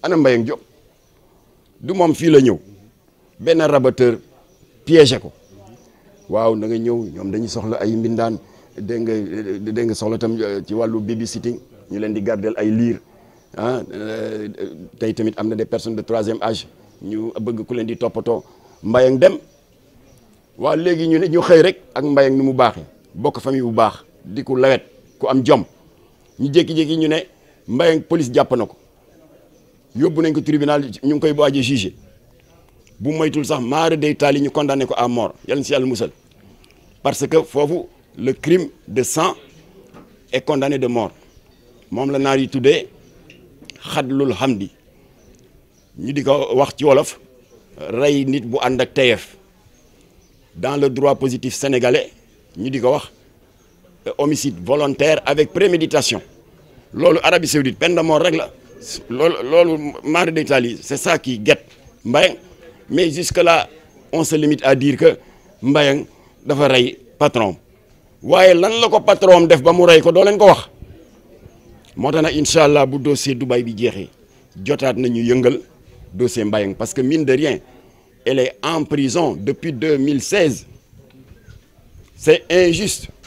ana Mbayang Diop du moom fii la ñëw benn rabatteur piégé ko waaw na nga ñëw ñoom dañuy soxla ay mbindaan dégg nga dégg nga soxla tam euh, ci wàllu babysitting ñu leen di gardel ay liir ah euh, tey tamit am na des personnes de troisième âge ñu bëgg ku leen di toppatoo Mbayang dem waaw léegi ñu ne ñu xëy rek ak Mbayang ni mu baaxee bokk famille bu baax di ku lawet ku am jom ñu jékki-jékki ñu ne Mbayang police jàpp na ko yóbbu nañ ko tribunal ñu ngi koy waaj a jugé bu moytul sax maare day taal ñu condamné ko à mort yalla na yalla musal parce que fofu le crime de sang est condamné de mort mom la nar yi tuddee khadlul hamdi ñu di ko wax ci wolof ray nit bu and ak tayef dans le droit positif sénégalais ñu di ko wax euh, homicide volontaire avec préméditation lolu Arabie Saoudite peine de mort rek la c'est ça qui guette mais jusque-là on se limite à dire que Mbayang dafa un patron waaye lan patron def ba mu rey ko doo leen ko wax dossier Dubaï bi dossier parce que mine de rien elle est en prison depuis 2016 c'est injuste